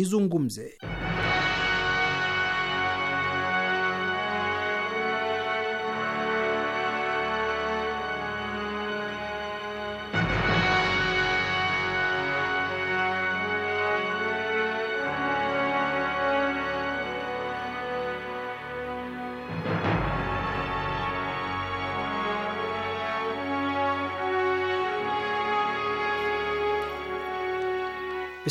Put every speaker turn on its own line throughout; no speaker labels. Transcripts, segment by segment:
izungumze.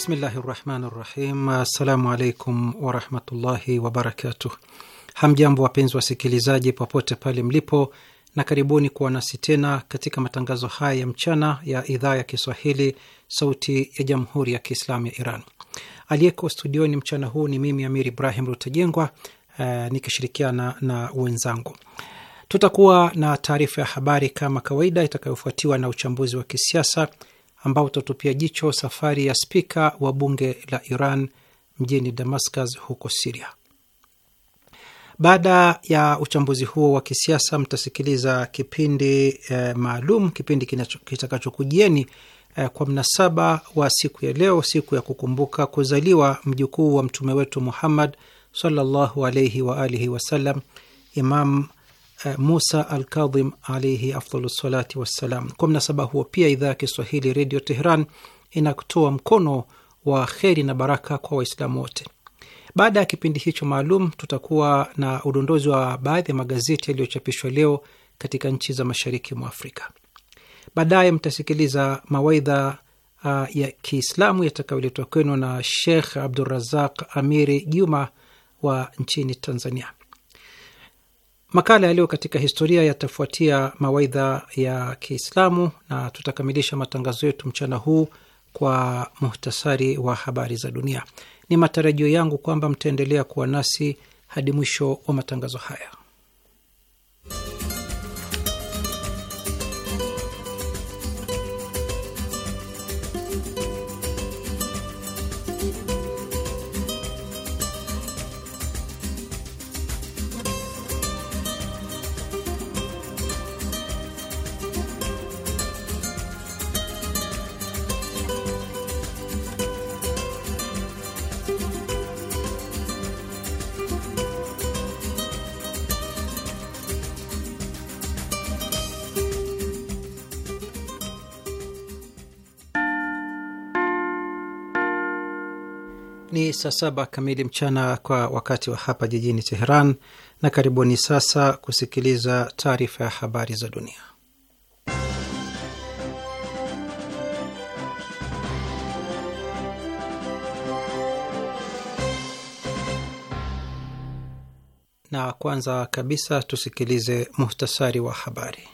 Bismillahi rahmani rahim. Assalamu alaikum warahmatullahi wabarakatuh. Hamjambo wapenzi wasikilizaji, popote pale mlipo, na karibuni kuwa nasi tena katika matangazo haya ya mchana ya idhaa ya Kiswahili, Sauti ya Jamhuri ya Kiislamu ya Iran. Aliyeko studioni mchana huu ni mimi Amir Ibrahim Rutajengwa, eh, nikishirikiana na wenzangu. Tutakuwa na taarifa ya habari kama kawaida, itakayofuatiwa na uchambuzi wa kisiasa ambao utatupia jicho safari ya spika wa bunge la Iran mjini Damascus huko Siria. Baada ya uchambuzi huo wa kisiasa, mtasikiliza kipindi eh, maalum, kipindi kitakachokujieni eh, kwa mnasaba wa siku ya leo, siku ya kukumbuka kuzaliwa mjukuu wa mtume wetu Muhammad sallallahu alaihi waalihi wasallam, Imam Eh, Musa Alkadhim alaihi afdhalu salati wassalam. Kwa mnasaba huo pia idhaa ya Kiswahili Redio Teheran inakutoa mkono wa kheri na baraka kwa Waislamu wote. Baada ya kipindi hicho maalum, tutakuwa na udondozi wa baadhi ya magazeti yaliyochapishwa leo katika nchi za mashariki mwa Afrika. Baadaye mtasikiliza mawaidha uh, ya Kiislamu yatakayoletwa kwenu na Shekh Abdurazaq Amiri Juma wa nchini Tanzania. Makala yaliyo katika historia yatafuatia mawaidha ya Kiislamu na tutakamilisha matangazo yetu mchana huu kwa muhtasari wa habari za dunia. Ni matarajio yangu kwamba mtaendelea kuwa nasi hadi mwisho wa matangazo haya. saa saba kamili mchana kwa wakati wa hapa jijini Teheran, na karibuni sasa kusikiliza taarifa ya habari za dunia. Na kwanza kabisa tusikilize muhtasari wa habari.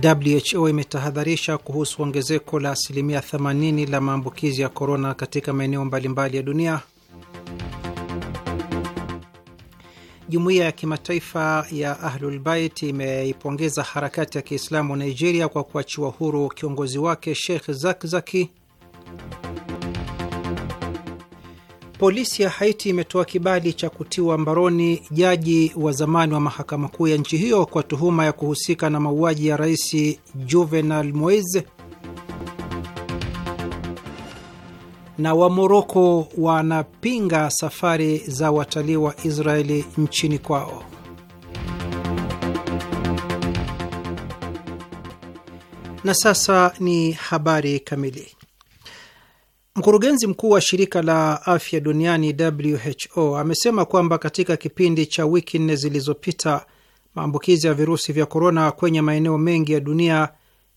WHO imetahadharisha kuhusu ongezeko la asilimia 80 la maambukizi ya korona katika maeneo mbalimbali ya dunia. Jumuiya ya kimataifa ya Ahlulbait imeipongeza harakati ya Kiislamu Nigeria kwa kuachiwa huru kiongozi wake Sheikh Zakzaki. Polisi ya Haiti imetoa kibali cha kutiwa mbaroni jaji wa zamani wa mahakama kuu ya nchi hiyo kwa tuhuma ya kuhusika na mauaji ya rais Juvenal Moise. Na Wamoroko wanapinga safari za watalii wa Israeli nchini kwao. Na sasa ni habari kamili. Mkurugenzi mkuu wa shirika la afya duniani WHO amesema kwamba katika kipindi cha wiki nne zilizopita maambukizi ya virusi vya korona kwenye maeneo mengi ya dunia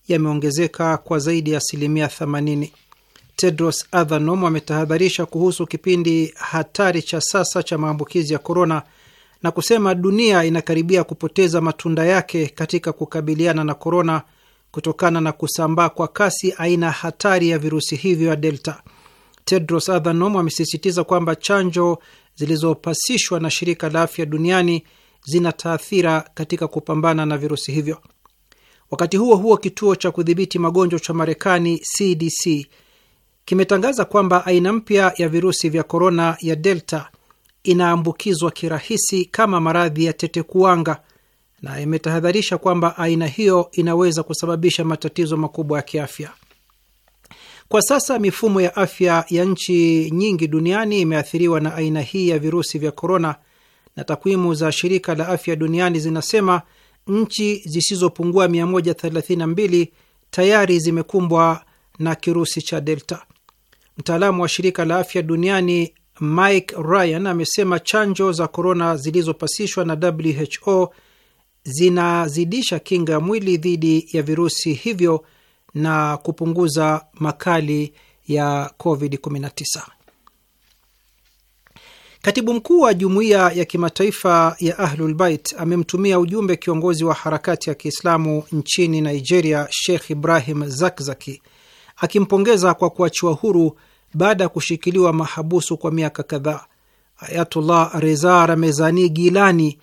yameongezeka kwa zaidi ya asilimia 80. Tedros Adhanom ametahadharisha kuhusu kipindi hatari cha sasa cha maambukizi ya korona na kusema dunia inakaribia kupoteza matunda yake katika kukabiliana na korona kutokana na kusambaa kwa kasi aina hatari ya virusi hivyo ya Delta. Tedros Adhanom amesisitiza kwamba chanjo zilizopasishwa na shirika la afya duniani zina taathira katika kupambana na virusi hivyo. Wakati huo huo, kituo cha kudhibiti magonjwa cha Marekani CDC kimetangaza kwamba aina mpya ya virusi vya korona ya Delta inaambukizwa kirahisi kama maradhi ya tetekuwanga na imetahadharisha kwamba aina hiyo inaweza kusababisha matatizo makubwa ya kiafya. Kwa sasa mifumo ya afya ya nchi nyingi duniani imeathiriwa na aina hii ya virusi vya korona, na takwimu za shirika la afya duniani zinasema nchi zisizopungua 132 tayari zimekumbwa na kirusi cha Delta. Mtaalamu wa shirika la afya duniani Mike Ryan amesema chanjo za korona zilizopasishwa na WHO zinazidisha kinga ya mwili dhidi ya virusi hivyo na kupunguza makali ya COVID-19. Katibu mkuu wa jumuiya ya kimataifa ya Ahlulbait amemtumia ujumbe kiongozi wa harakati ya Kiislamu nchini Nigeria, Sheikh Ibrahim Zakzaki, akimpongeza kwa kuachiwa huru baada ya kushikiliwa mahabusu kwa miaka kadhaa. Ayatullah Reza Ramezani Gilani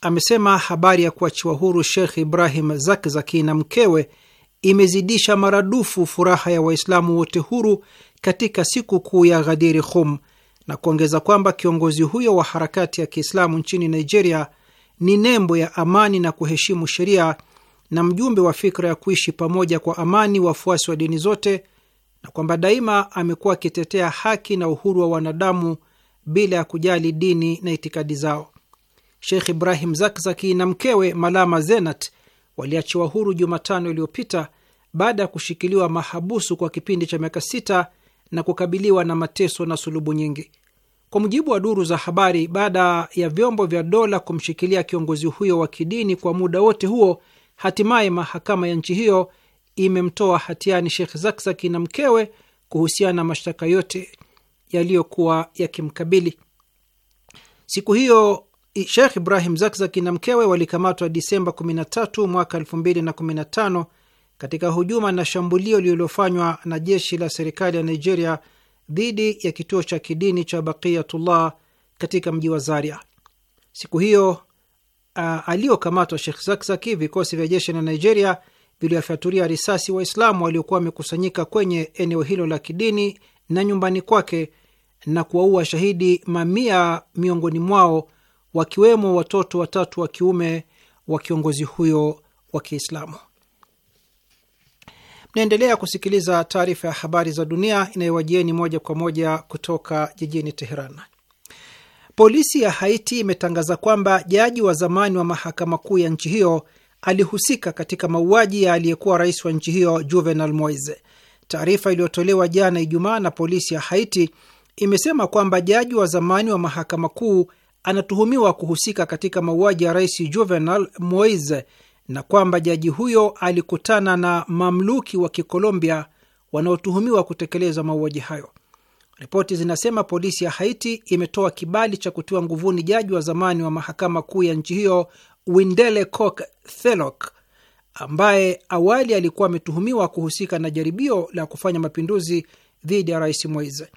amesema habari ya kuachiwa huru Sheikh Ibrahim Zakzaki na mkewe imezidisha maradufu furaha ya Waislamu wote huru katika siku kuu ya ghadiri Khum na kuongeza kwamba kiongozi huyo wa harakati ya Kiislamu nchini Nigeria ni nembo ya amani na kuheshimu sheria na mjumbe wa fikra ya kuishi pamoja kwa amani wafuasi wa dini zote, na kwamba daima amekuwa akitetea haki na uhuru wa wanadamu bila ya kujali dini na itikadi zao. Sheikh Ibrahim Zakzaki na mkewe Malama Zenat waliachiwa huru Jumatano iliyopita baada ya kushikiliwa mahabusu kwa kipindi cha miaka sita na kukabiliwa na mateso na sulubu nyingi. Kwa mujibu wa duru za habari, baada ya vyombo vya dola kumshikilia kiongozi huyo wa kidini kwa muda wote huo, hatimaye mahakama ya nchi hiyo imemtoa hatiani Sheikh Zakzaki na mkewe kuhusiana na mashtaka yote yaliyokuwa yakimkabili. Siku hiyo Sheikh Ibrahim Zakzaki na mkewe walikamatwa Disemba 13 mwaka 2015 katika hujuma na shambulio lililofanywa na jeshi la serikali ya Nigeria dhidi ya kituo cha kidini cha Baqiyatullah katika mji wa Zaria. Siku hiyo uh, aliyokamatwa Sheikh Zakzaki, vikosi vya jeshi la Nigeria viliwafyaturia risasi Waislamu waliokuwa wamekusanyika kwenye eneo hilo la kidini na nyumbani kwake na kuwaua shahidi mamia miongoni mwao wakiwemo watoto watatu wa kiume wa kiongozi huyo wa Kiislamu. Mnaendelea kusikiliza taarifa ya habari za dunia inayowajieni moja kwa moja kutoka jijini Teheran. Polisi ya Haiti imetangaza kwamba jaji wa zamani wa mahakama kuu ya nchi hiyo alihusika katika mauaji ya aliyekuwa rais wa nchi hiyo Juvenal Moise. Taarifa iliyotolewa jana Ijumaa na polisi ya Haiti imesema kwamba jaji wa zamani wa mahakama kuu anatuhumiwa kuhusika katika mauaji ya rais Juvenal Moise na kwamba jaji huyo alikutana na mamluki wa Kikolombia wanaotuhumiwa kutekeleza mauaji hayo. Ripoti zinasema polisi ya Haiti imetoa kibali cha kutiwa nguvuni jaji wa zamani wa mahakama kuu ya nchi hiyo Windele Cok Thelok ambaye awali alikuwa ametuhumiwa kuhusika na jaribio la kufanya mapinduzi dhidi ya rais Moise.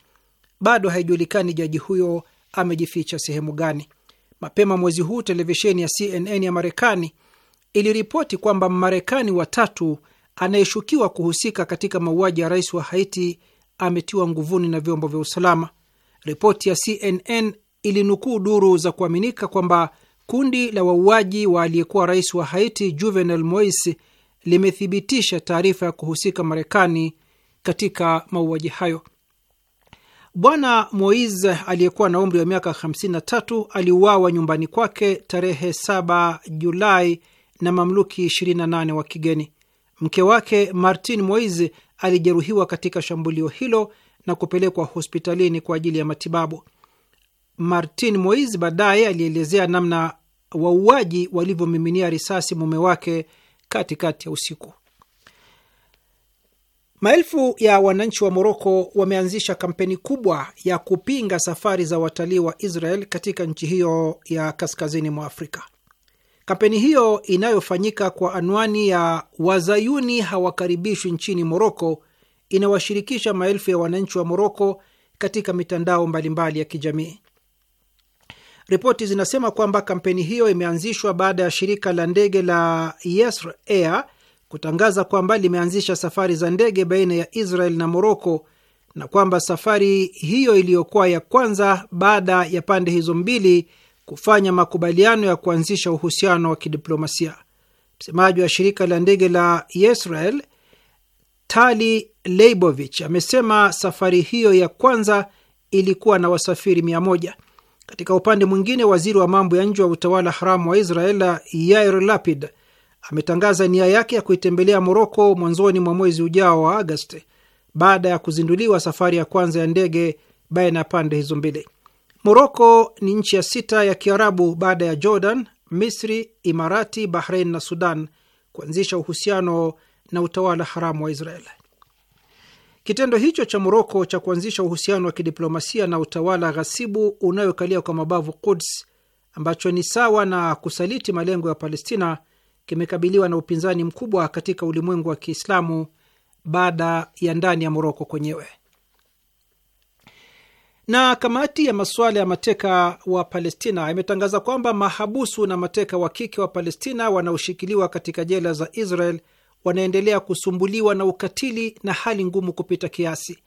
Bado haijulikani jaji huyo amejificha sehemu gani. Mapema mwezi huu televisheni ya CNN ya Marekani iliripoti kwamba marekani watatu anayeshukiwa kuhusika katika mauaji ya rais wa Haiti ametiwa nguvuni na vyombo vya usalama. Ripoti ya CNN ilinukuu duru za kuaminika kwamba kundi la wauaji wa aliyekuwa rais wa Haiti Juvenal Moise limethibitisha taarifa ya kuhusika Marekani katika mauaji hayo. Bwana mois aliyekuwa na umri wa miaka 53 aliuawa nyumbani kwake tarehe 7 Julai na mamluki 28 wa kigeni. Mke wake Martin mois alijeruhiwa katika shambulio hilo na kupelekwa hospitalini kwa ajili ya matibabu. Martin mois baadaye alielezea namna wauaji walivyomiminia risasi mume wake katikati ya usiku. Maelfu ya wananchi wa Moroko wameanzisha kampeni kubwa ya kupinga safari za watalii wa Israel katika nchi hiyo ya kaskazini mwa Afrika. Kampeni hiyo inayofanyika kwa anwani ya wazayuni hawakaribishwi nchini Moroko inawashirikisha maelfu ya wananchi wa Moroko katika mitandao mbalimbali ya kijamii. Ripoti zinasema kwamba kampeni hiyo imeanzishwa baada ya shirika la ndege la Yesr Air kutangaza kwamba limeanzisha safari za ndege baina ya Israel na Moroko na kwamba safari hiyo iliyokuwa ya kwanza baada ya pande hizo mbili kufanya makubaliano ya kuanzisha uhusiano wa kidiplomasia. Msemaji wa shirika la ndege la Israel Tali Leibovich amesema safari hiyo ya kwanza ilikuwa na wasafiri mia moja. Katika upande mwingine, waziri wa mambo ya nje wa utawala haramu wa Israel Yair Lapid ametangaza nia yake ya kuitembelea Moroko mwanzoni mwa mwezi ujao wa Agosti baada ya kuzinduliwa safari ya kwanza ya ndege baina ya pande hizo mbili. Moroko ni nchi ya sita ya Kiarabu baada ya Jordan, Misri, Imarati, Bahrein na Sudan kuanzisha uhusiano na utawala haramu wa Israel. Kitendo hicho cha Moroko cha kuanzisha uhusiano wa kidiplomasia na utawala ghasibu unayokalia kwa mabavu Quds, ambacho ni sawa na kusaliti malengo ya Palestina, kimekabiliwa na upinzani mkubwa katika ulimwengu wa Kiislamu baada ya ndani ya Moroko kwenyewe. Na kamati ya masuala ya mateka wa Palestina imetangaza kwamba mahabusu na mateka wa kike wa Palestina wanaoshikiliwa katika jela za Israel wanaendelea kusumbuliwa na ukatili na hali ngumu kupita kiasi.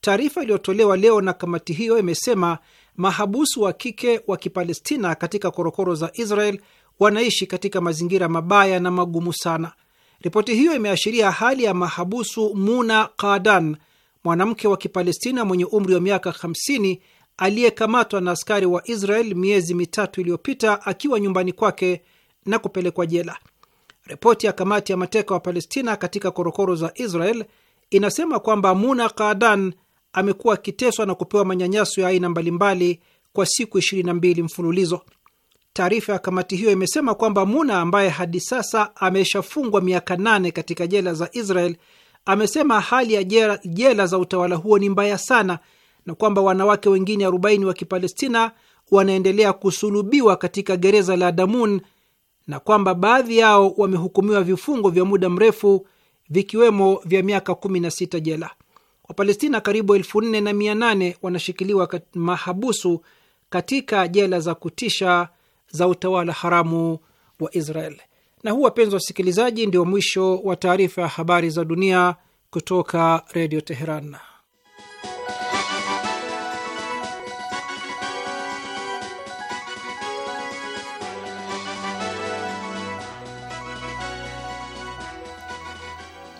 Taarifa iliyotolewa leo na kamati hiyo imesema mahabusu wa kike wa Kipalestina katika korokoro za Israel wanaishi katika mazingira mabaya na magumu sana. Ripoti hiyo imeashiria hali ya mahabusu Muna Qadan, mwanamke wa Kipalestina mwenye umri wa miaka 50 aliyekamatwa na askari wa Israel miezi mitatu iliyopita akiwa nyumbani kwake na kupelekwa jela. Ripoti ya kamati ya mateka wa Palestina katika korokoro za Israel inasema kwamba Muna Qadan amekuwa akiteswa na kupewa manyanyaso ya aina mbalimbali kwa siku 22 mfululizo. Taarifa ya kamati hiyo imesema kwamba Muna ambaye hadi sasa ameshafungwa miaka nane katika jela za Israel amesema hali ya jela, jela za utawala huo ni mbaya sana na kwamba wanawake wengine 40 wa Kipalestina wanaendelea kusulubiwa katika gereza la Damun na kwamba baadhi yao wamehukumiwa vifungo vya muda mrefu vikiwemo vya miaka 16 jela. Wapalestina karibu elfu na wanashikiliwa mahabusu katika jela za kutisha za utawala haramu wa Israel. Na huu, wapenzi wasikilizaji, ndio mwisho wa taarifa ya habari za dunia kutoka Redio Teheran.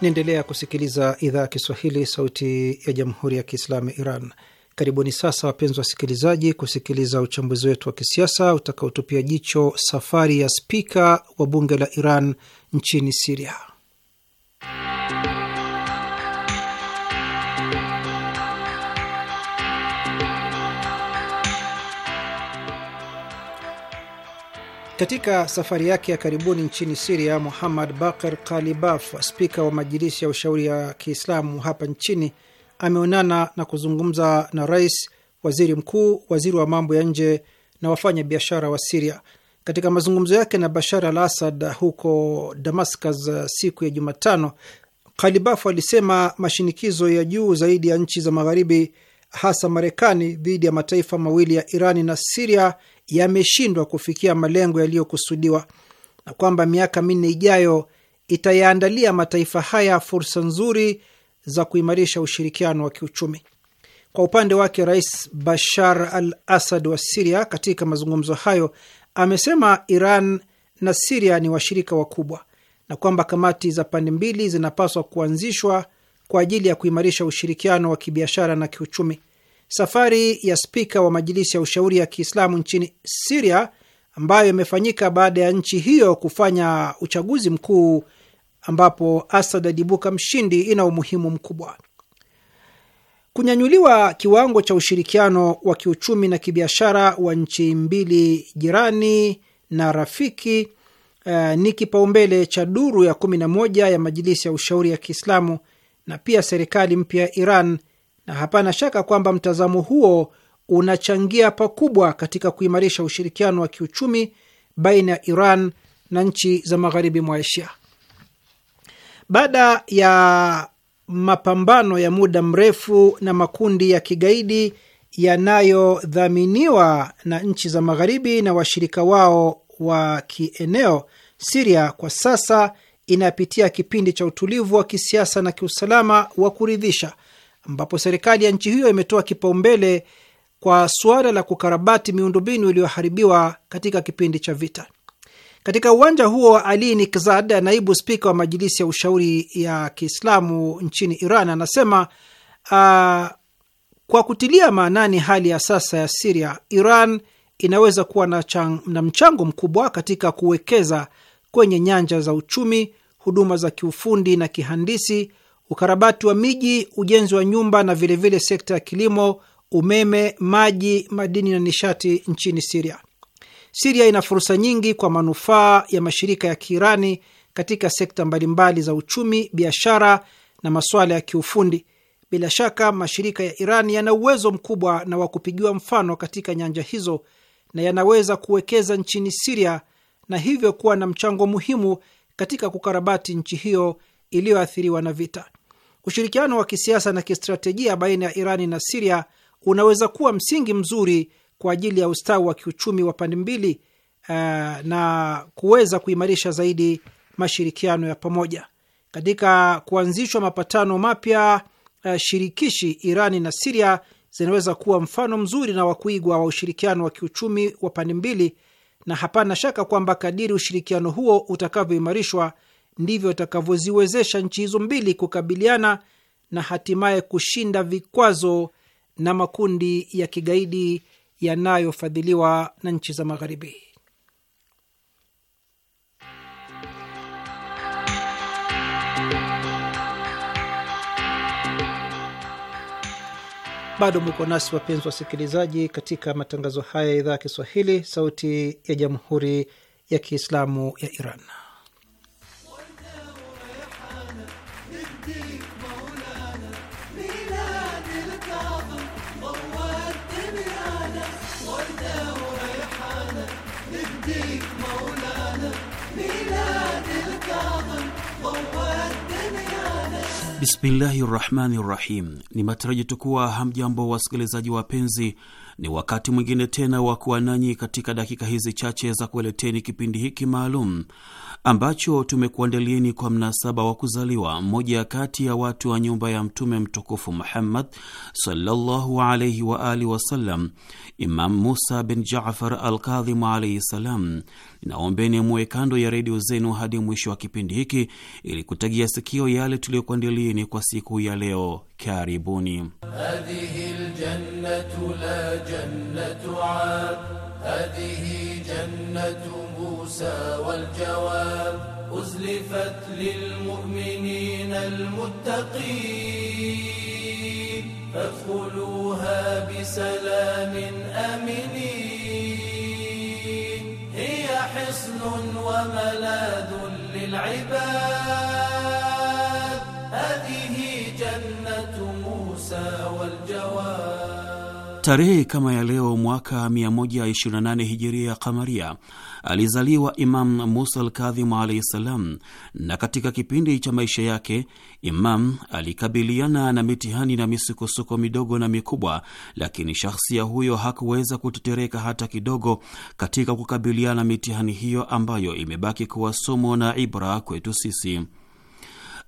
Niendelea kusikiliza idhaa ya Kiswahili, sauti ya jamhuri ya kiislamu ya Iran. Karibuni sasa wapenzi wasikilizaji, kusikiliza uchambuzi wetu wa kisiasa utakaotupia jicho safari ya spika wa bunge la Iran nchini Siria. Katika safari yake ya karibuni nchini Siria, Muhammad Bakar Kalibaf, spika wa Majilisi ya Ushauri ya Kiislamu hapa nchini ameonana na kuzungumza na rais, waziri mkuu, waziri wa mambo ya nje na wafanya biashara wa Siria. Katika mazungumzo yake na Bashar al Asad huko Damascus uh, siku ya Jumatano, Khalibafu alisema mashinikizo ya juu zaidi ya nchi za Magharibi, hasa Marekani, dhidi ya mataifa mawili ya Irani na Siria yameshindwa kufikia malengo yaliyokusudiwa na kwamba miaka minne ijayo itayaandalia mataifa haya fursa nzuri za kuimarisha ushirikiano wa kiuchumi. Kwa upande wake, Rais Bashar al Asad wa Siria katika mazungumzo hayo amesema Iran na Siria ni washirika wakubwa na kwamba kamati za pande mbili zinapaswa kuanzishwa kwa ajili ya kuimarisha ushirikiano wa kibiashara na kiuchumi. Safari ya spika wa Majilisi ya Ushauri ya Kiislamu nchini Siria ambayo imefanyika baada ya nchi hiyo kufanya uchaguzi mkuu ambapo Asad aliibuka mshindi ina umuhimu mkubwa. Kunyanyuliwa kiwango cha ushirikiano wa kiuchumi na kibiashara wa nchi mbili jirani na rafiki uh, ni kipaumbele cha duru ya 11 ya Majilisi ya Ushauri ya Kiislamu na pia serikali mpya ya Iran, na hapana shaka kwamba mtazamo huo unachangia pakubwa katika kuimarisha ushirikiano wa kiuchumi baina ya Iran na nchi za magharibi mwa Asia. Baada ya mapambano ya muda mrefu na makundi ya kigaidi yanayodhaminiwa na nchi za magharibi na washirika wao wa kieneo, Siria kwa sasa inapitia kipindi cha utulivu wa kisiasa na kiusalama wa kuridhisha, ambapo serikali ya nchi hiyo imetoa kipaumbele kwa suala la kukarabati miundombinu iliyoharibiwa katika kipindi cha vita. Katika uwanja huo, Ali Nikzad, naibu spika wa majilisi ya ushauri ya Kiislamu nchini Iran, anasema uh, kwa kutilia maanani hali ya sasa ya Siria, Iran inaweza kuwa na, chang, na mchango mkubwa katika kuwekeza kwenye nyanja za uchumi, huduma za kiufundi na kihandisi, ukarabati wa miji, ujenzi wa nyumba na vilevile vile sekta ya kilimo, umeme, maji, madini na nishati nchini Siria. Siria ina fursa nyingi kwa manufaa ya mashirika ya Kiirani katika sekta mbalimbali za uchumi, biashara na masuala ya kiufundi. Bila shaka mashirika ya Iran yana uwezo mkubwa na wa kupigiwa mfano katika nyanja hizo na yanaweza kuwekeza nchini Siria na hivyo kuwa na mchango muhimu katika kukarabati nchi hiyo iliyoathiriwa na vita. Ushirikiano wa kisiasa na kistratejia baina ya Irani na Siria unaweza kuwa msingi mzuri kwa ajili ya ustawi wa kiuchumi wa pande mbili uh, na kuweza kuimarisha zaidi mashirikiano ya pamoja. Katika kuanzishwa mapatano mapya uh, shirikishi, Irani na Siria zinaweza kuwa mfano mzuri na wa kuigwa wa ushirikiano wa kiuchumi wa pande mbili, na hapana shaka kwamba kadiri ushirikiano huo utakavyoimarishwa ndivyo utakavyoziwezesha nchi hizo mbili kukabiliana na hatimaye kushinda vikwazo na makundi ya kigaidi yanayofadhiliwa na nchi za Magharibi. Bado muko nasi wapenzi wasikilizaji, katika matangazo haya ya idhaa ya Kiswahili, sauti ya jamhuri ya kiislamu ya Iran.
Bismillahi rahmani rahim. Ni matarajio kuwa hamjambo, wasikilizaji wapenzi. Ni wakati mwingine tena wa kuwa nanyi katika dakika hizi chache za kueleteni kipindi hiki maalum ambacho tumekuandalieni kwa mnasaba wa kuzaliwa mmoja kati ya watu wa nyumba ya Mtume mtukufu Muhammad sallallahu alaihi wa alihi wasallam, Imam Musa bin Jafar Alkadhimu alaihi salam. Naombeni muwe kando ya redio zenu hadi mwisho wa kipindi hiki ili kutagia sikio yale tuliyokuandalieni kwa siku ya leo. Karibuni.
الموسى والجواب أزلفت للمؤمنين المتقين فادخلوها بسلام آمنين هي حصن وملاذ للعباد هذه جنة موسى والجواب
Tarehe kama ya leo mwaka 128 hijiria kamaria alizaliwa Imam Musa Alkadhimu alaihi ssalam, na katika kipindi cha maisha yake Imam alikabiliana na mitihani na misukosuko midogo na mikubwa, lakini shahsia huyo hakuweza kutetereka hata kidogo katika kukabiliana mitihani hiyo ambayo imebaki kuwa somo na ibra kwetu sisi.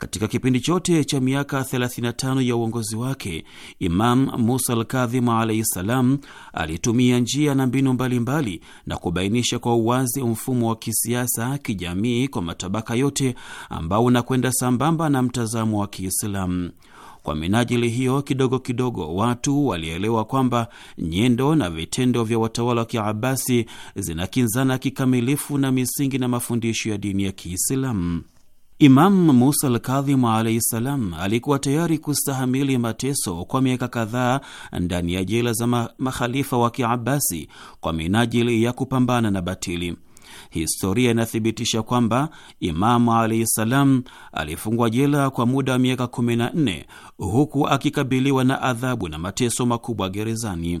Katika kipindi chote cha miaka 35 ya uongozi wake, Imam Musa Alkadhim alaihi salam alitumia njia na mbinu mbalimbali mbali, na kubainisha kwa uwazi mfumo wa kisiasa, kijamii kwa matabaka yote ambao unakwenda sambamba na mtazamo wa Kiislamu. Kwa minajili hiyo, kidogo kidogo watu walielewa kwamba nyendo na vitendo vya watawala wa Kiabasi zinakinzana kikamilifu na misingi na mafundisho ya dini ya Kiislamu. Imam Musa Alkadhimu alaihi ssalam alikuwa tayari kustahamili mateso kwa miaka kadhaa ndani ya jela za makhalifa wa Kiabasi kwa minajili ya kupambana na batili. Historia inathibitisha kwamba Imamu alaihi ssalam alifungwa jela kwa muda wa miaka 14 huku akikabiliwa na adhabu na mateso makubwa gerezani.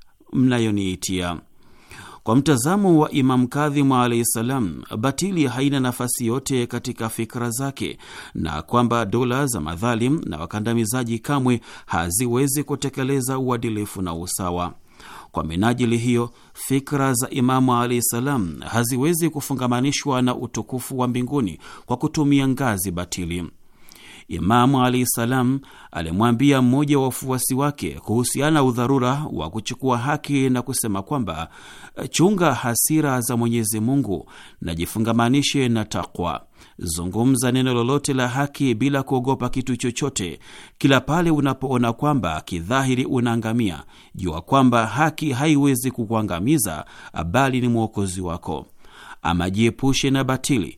mnayoniitia. Kwa mtazamo wa Imamu Kadhimu alaihi ssalam, batili haina nafasi yote katika fikra zake na kwamba dola za madhalim na wakandamizaji kamwe haziwezi kutekeleza uadilifu na usawa. Kwa minajili hiyo, fikra za Imamu alaihi ssalam haziwezi kufungamanishwa na utukufu wa mbinguni kwa kutumia ngazi batili. Imamu alahi salam alimwambia mmoja wa wafuasi wake kuhusiana udharura wa kuchukua haki na kusema kwamba chunga hasira za Mwenyezi Mungu na jifungamanishe na takwa. Zungumza neno lolote la haki bila kuogopa kitu chochote. Kila pale unapoona kwamba kidhahiri unaangamia, jua kwamba haki haiwezi kukuangamiza, bali ni mwokozi wako. Ama jiepushe na batili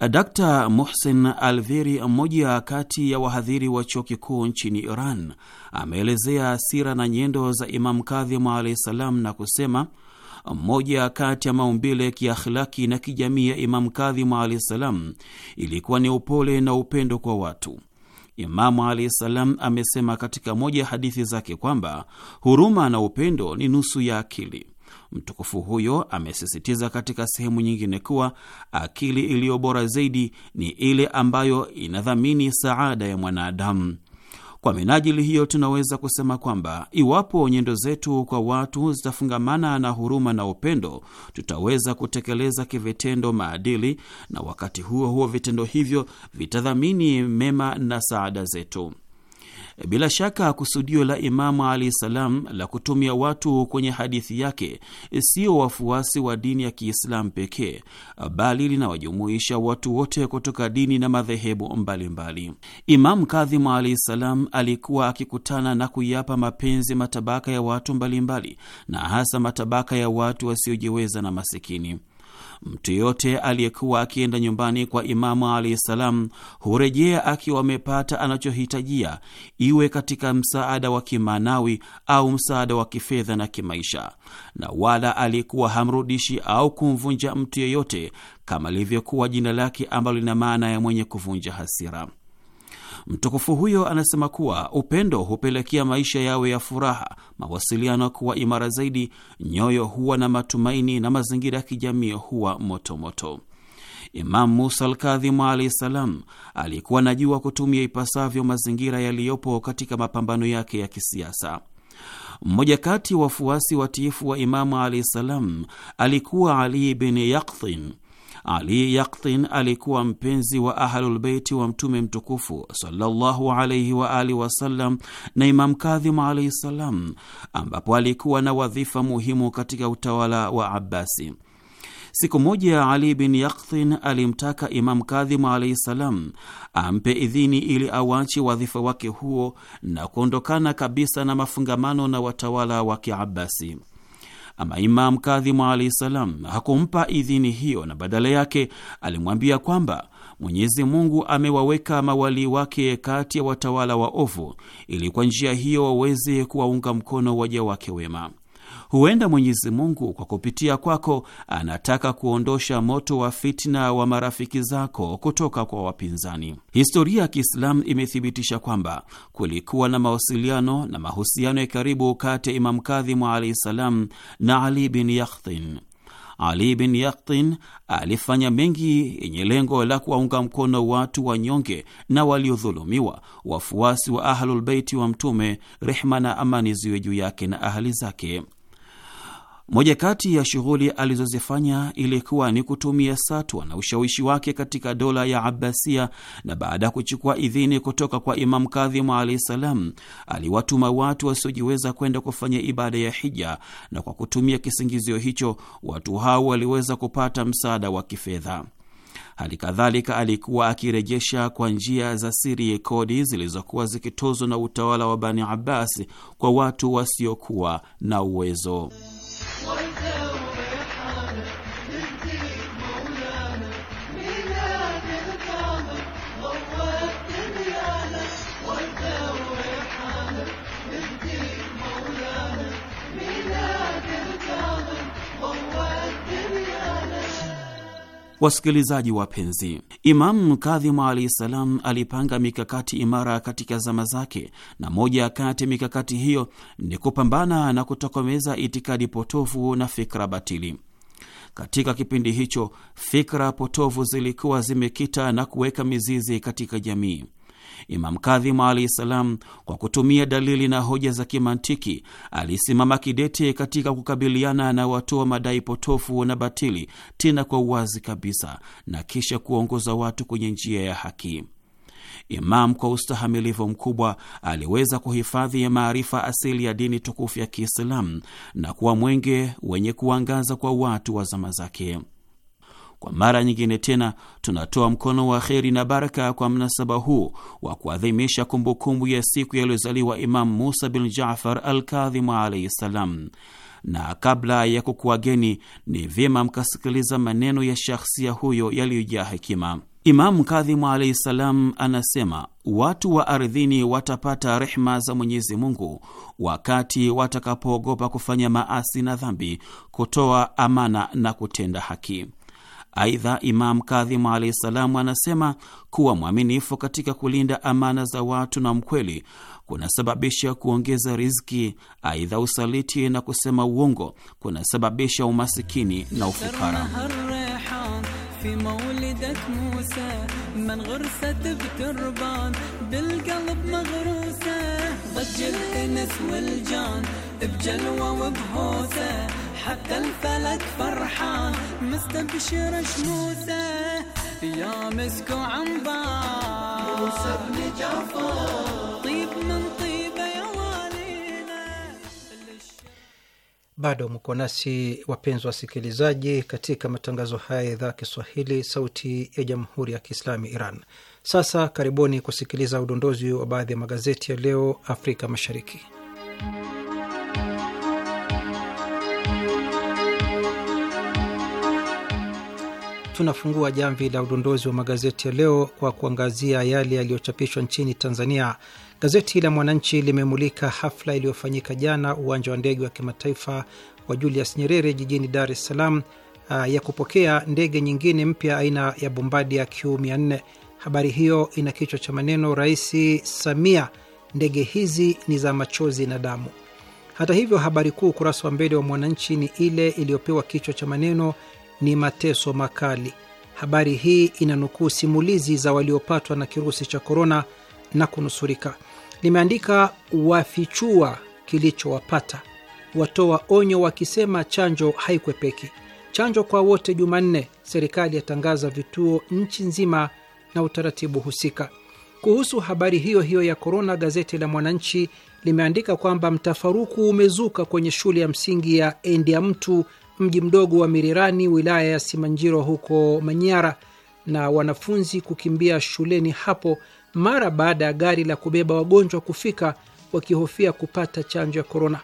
Dr Mohsen Alveri, mmoja kati ya wahadhiri wa chuo kikuu nchini Iran, ameelezea sira na nyendo za Imamu Kadhimu alahi salam na kusema mmoja kati ya maumbile ya kiakhlaki na kijamii ya Imamu Kadhimu alahi salam ilikuwa ni upole na upendo kwa watu. Imamu alahi salam amesema katika moja ya hadithi zake kwamba huruma na upendo ni nusu ya akili. Mtukufu huyo amesisitiza katika sehemu nyingine kuwa akili iliyo bora zaidi ni ile ambayo inadhamini saada ya mwanadamu. Kwa minajili hiyo, tunaweza kusema kwamba iwapo nyendo zetu kwa watu zitafungamana na huruma na upendo, tutaweza kutekeleza kivitendo maadili, na wakati huo huo vitendo hivyo vitadhamini mema na saada zetu. Bila shaka kusudio la Imamu alahi salam la kutumia watu kwenye hadithi yake sio wafuasi wa dini ya Kiislamu pekee, bali linawajumuisha watu wote kutoka dini na madhehebu mbalimbali. Imamu Kadhimu alahi salam alikuwa akikutana na kuyapa mapenzi matabaka ya watu mbalimbali mbali, na hasa matabaka ya watu wasiojiweza na masikini. Mtu yoyote aliyekuwa akienda nyumbani kwa Imamu alaihi salam hurejea akiwa amepata anachohitajia, iwe katika msaada wa kimaanawi au msaada wa kifedha na kimaisha, na wala aliyekuwa hamrudishi au kumvunja mtu yeyote, kama lilivyokuwa jina lake ambalo lina maana ya mwenye kuvunja hasira. Mtukufu huyo anasema kuwa upendo hupelekea maisha yawe ya furaha, mawasiliano kuwa imara zaidi, nyoyo huwa na matumaini na mazingira ya kijamii huwa motomoto moto. Imamu Musa Alkadhimu alahi salam alikuwa anajua kutumia ipasavyo mazingira yaliyopo katika mapambano yake ya kisiasa. Mmoja kati wafuasi watiifu wa Imamu alahi salam alikuwa Ali bin Yakthin. Ali Yaktin alikuwa mpenzi wa Ahlulbeiti wa Mtume mtukufu sallallahu alaihi wa alihi wasallam na Imam Kadhimu alaihi salam, ambapo alikuwa na wadhifa muhimu katika utawala wa Abbasi. Siku moja Ali bin Yakthin alimtaka Imam Kadhimu alaihi salam ampe idhini ili awache wadhifa wake huo na kuondokana kabisa na mafungamano na watawala wa Kiabasi. Ama Imam Kadhimu alaihi salam hakumpa idhini hiyo, na badala yake alimwambia kwamba Mwenyezi Mungu amewaweka mawali wake kati ya watawala waovu, ili kwa njia hiyo waweze kuwaunga mkono waja wake wema. Huenda Mwenyezi Mungu kwa kupitia kwako anataka kuondosha moto wa fitna wa marafiki zako kutoka kwa wapinzani. Historia ya Kiislamu imethibitisha kwamba kulikuwa na mawasiliano na mahusiano ya karibu kati ya Imam Kadhimu alaihi ssalam na Ali bin Yakhtin. Ali bin Yakhtin alifanya mengi yenye lengo la kuwaunga mkono watu wanyonge na waliodhulumiwa, wafuasi wa Ahlulbeiti wa Mtume, rehma na amani ziwe juu yake na ahali zake. Moja kati ya shughuli alizozifanya ilikuwa ni kutumia satwa na ushawishi wake katika dola ya Abbasia, na baada ya kuchukua idhini kutoka kwa Imam Kadhimu alahi salam, aliwatuma watu wasiojiweza kwenda kufanya ibada ya hija, na kwa kutumia kisingizio hicho watu hao waliweza kupata msaada wa kifedha. Hali kadhalika alikuwa akirejesha kwa njia za siri kodi zilizokuwa zikitozwa na utawala wa Bani Abbas kwa watu wasiokuwa na uwezo. What is that? Wasikilizaji wapenzi, Imamu Kadhimu alahi salam alipanga mikakati imara katika zama zake, na moja kati ya mikakati hiyo ni kupambana na kutokomeza itikadi potofu na fikra batili. Katika kipindi hicho fikra potofu zilikuwa zimekita na kuweka mizizi katika jamii. Imam Kadhimu alahi salam, kwa kutumia dalili na hoja za kimantiki, alisimama kidete katika kukabiliana na watoa madai potofu na batili, tena kwa uwazi kabisa, na kisha kuongoza watu kwenye njia ya haki. Imam kwa ustahamilivu mkubwa aliweza kuhifadhi ya maarifa asili ya dini tukufu ya Kiislamu na kuwa mwenge wenye kuangaza kwa watu wa zama zake. Kwa mara nyingine tena tunatoa mkono wa kheri na baraka kwa mnasaba huu wa kuadhimisha kumbukumbu ya siku yaliyozaliwa Imamu Musa bin Jafar al Kadhimu alaihi ssalam. Na kabla ya kukuwageni, ni vyema mkasikiliza maneno ya shakhsia huyo yaliyojaa hekima. Imamu Kadhimu alaihi ssalam anasema watu wa ardhini watapata rehma za Mwenyezi Mungu wakati watakapoogopa kufanya maasi na dhambi, kutoa amana na kutenda haki. Aidha, Imam Kadhimu alahi salamu anasema kuwa mwaminifu katika kulinda amana za watu na mkweli kunasababisha kuongeza riziki. Aidha, usaliti na kusema uongo kunasababisha umasikini na ufukara.
حتى الفلك فرحان مستبشر شموسة يا مسك وعنبان موسى بن جعفر طيب من طيب يا
والينا
bado mko nasi wapenzi wasikilizaji, katika matangazo haya ya idhaa Kiswahili sauti ya jamhuri ya kiislami Iran. Sasa karibuni kusikiliza udondozi wa baadhi ya magazeti ya leo Afrika Mashariki. tunafungua jamvi la udondozi wa magazeti ya leo kwa kuangazia yale yaliyochapishwa nchini Tanzania. Gazeti la Mwananchi limemulika hafla iliyofanyika jana uwanja wa ndege wa kimataifa wa Julius Nyerere jijini Dar es Salaam ah, ya kupokea ndege nyingine mpya aina ya Bombardier Q400. Habari hiyo ina kichwa cha maneno Rais Samia, ndege hizi ni za machozi na damu. Hata hivyo, habari kuu ukurasa wa mbele wa Mwananchi ni ile iliyopewa kichwa cha maneno ni mateso makali. Habari hii inanukuu simulizi za waliopatwa na kirusi cha korona na kunusurika. Limeandika wafichua kilichowapata, watoa onyo wakisema chanjo haikwepeki. Chanjo kwa wote Jumanne, serikali yatangaza vituo nchi nzima na utaratibu husika. Kuhusu habari hiyo hiyo ya korona, gazeti la Mwananchi limeandika kwamba mtafaruku umezuka kwenye shule ya msingi ya mtu mji mdogo wa Mirirani, wilaya ya Simanjiro huko Manyara, na wanafunzi kukimbia shuleni hapo mara baada ya gari la kubeba wagonjwa kufika wakihofia kupata chanjo ya korona.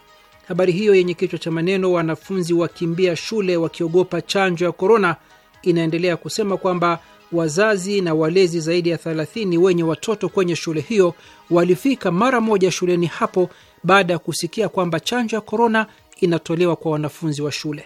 Habari hiyo yenye kichwa cha maneno wanafunzi wakimbia shule wakiogopa chanjo ya korona inaendelea kusema kwamba wazazi na walezi zaidi ya 30 wenye watoto kwenye shule hiyo walifika mara moja shuleni hapo baada ya kusikia kwamba chanjo ya korona inatolewa kwa wanafunzi wa shule.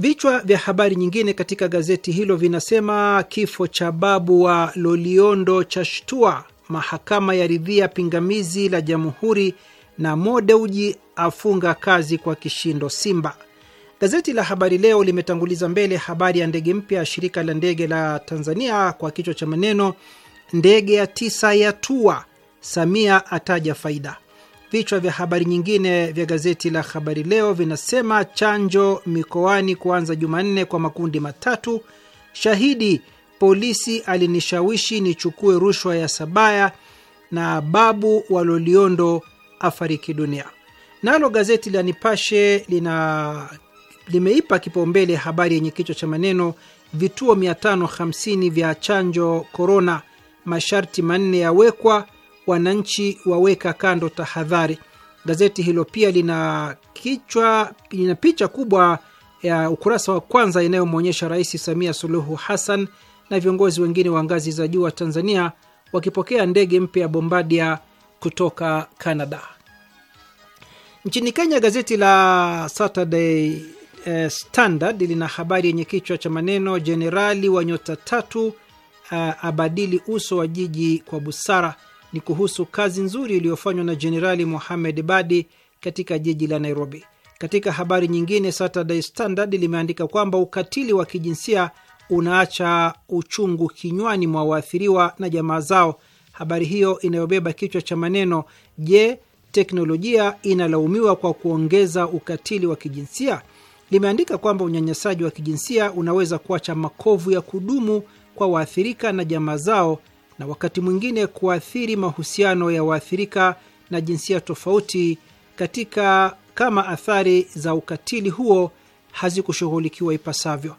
Vichwa vya habari nyingine katika gazeti hilo vinasema: kifo cha babu wa Loliondo cha shtua, mahakama ya ridhia pingamizi la jamhuri, na modeuji afunga kazi kwa kishindo Simba. Gazeti la Habari Leo limetanguliza mbele habari ya ndege mpya ya shirika la ndege la Tanzania kwa kichwa cha maneno ndege ya tisa ya tua, Samia ataja faida. Vichwa vya habari nyingine vya gazeti la Habari Leo vinasema chanjo mikoani kuanza Jumanne kwa makundi matatu. Shahidi polisi alinishawishi nichukue rushwa ya Sabaya, na babu wa Loliondo afariki dunia. Nalo gazeti la Nipashe lina limeipa kipaumbele habari yenye kichwa cha maneno vituo 550 vya chanjo korona, masharti manne yawekwa wananchi waweka kando tahadhari. Gazeti hilo pia lina kichwa, lina picha kubwa ya ukurasa wa kwanza inayomwonyesha Rais Samia Suluhu Hassan na viongozi wengine wa ngazi za juu wa Tanzania wakipokea ndege mpya ya Bombardier kutoka Canada. Nchini Kenya, gazeti la Saturday eh, Standard lina habari yenye kichwa cha maneno jenerali wa nyota tatu eh, abadili uso wa jiji kwa busara ni kuhusu kazi nzuri iliyofanywa na Jenerali Mohamed Badi katika jiji la Nairobi. Katika habari nyingine, Saturday Standard limeandika kwamba ukatili wa kijinsia unaacha uchungu kinywani mwa waathiriwa na jamaa zao. Habari hiyo inayobeba kichwa cha maneno Je, teknolojia inalaumiwa kwa kuongeza ukatili wa kijinsia limeandika kwamba unyanyasaji wa kijinsia unaweza kuacha makovu ya kudumu kwa waathirika na jamaa zao na wakati mwingine kuathiri mahusiano ya waathirika na jinsia tofauti katika kama athari za ukatili huo hazikushughulikiwa ipasavyo.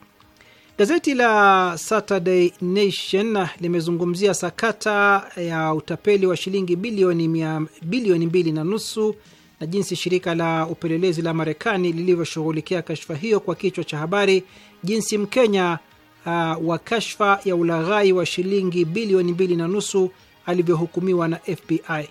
Gazeti la Saturday Nation limezungumzia sakata ya utapeli wa shilingi bilioni mia, bilioni mbili na nusu na jinsi shirika la upelelezi la Marekani lilivyoshughulikia kashfa hiyo kwa kichwa cha habari, jinsi Mkenya uh, wa kashfa ya ulaghai wa shilingi bilioni mbili na nusu alivyohukumiwa na FBI.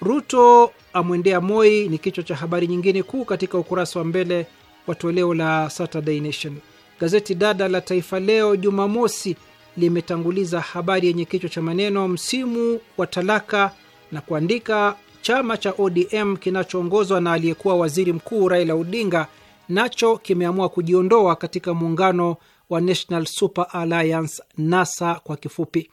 Ruto amwendea Moi ni kichwa cha habari nyingine kuu katika ukurasa wa mbele wa toleo la Saturday Nation. Gazeti dada la Taifa Leo Jumamosi limetanguliza habari yenye kichwa cha maneno msimu wa talaka na kuandika chama cha ODM kinachoongozwa na aliyekuwa waziri mkuu Raila Odinga nacho kimeamua kujiondoa katika muungano wa National Super Alliance, NASA kwa kifupi.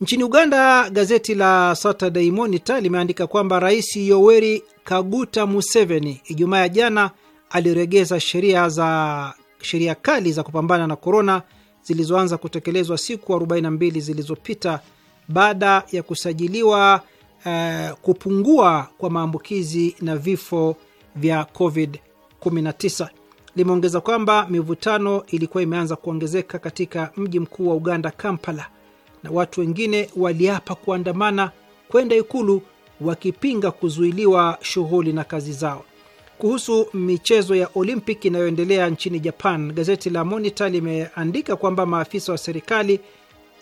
Nchini Uganda, gazeti la Saturday Monitor limeandika kwamba Rais Yoweri Kaguta Museveni Ijumaa ya jana aliregeza sheria za sheria kali za kupambana na korona zilizoanza kutekelezwa siku 42 zilizopita baada ya kusajiliwa uh, kupungua kwa maambukizi na vifo vya COVID-19 limeongeza kwamba mivutano ilikuwa imeanza kuongezeka katika mji mkuu wa Uganda, Kampala, na watu wengine waliapa kuandamana kwenda Ikulu wakipinga kuzuiliwa shughuli na kazi zao. Kuhusu michezo ya Olimpiki inayoendelea nchini Japan, gazeti la Monitor limeandika kwamba maafisa wa serikali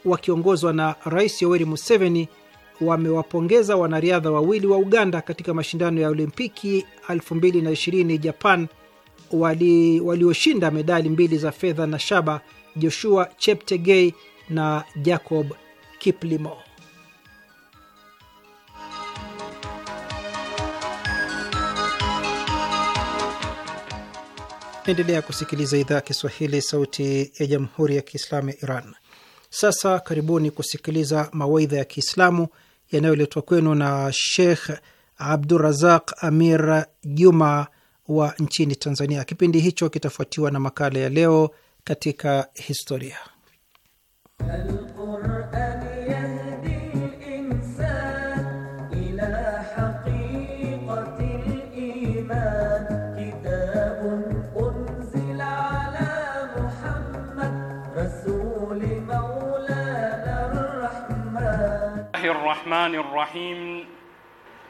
wakiongozwa na Rais Yoweri Museveni wamewapongeza wanariadha wawili wa Uganda katika mashindano ya Olimpiki 2020 Japan walioshinda wali medali mbili za fedha na shaba Joshua Cheptegei na Jacob Kiplimo. Endelea kusikiliza idhaa ya Kiswahili, sauti ya jamhuri ya kiislamu ya Iran. Sasa karibuni kusikiliza mawaidha ya Kiislamu yanayoletwa kwenu na Sheikh Abdurazaq Amir Juma wa nchini Tanzania. Kipindi hicho kitafuatiwa na makala ya leo katika historia.
Rahim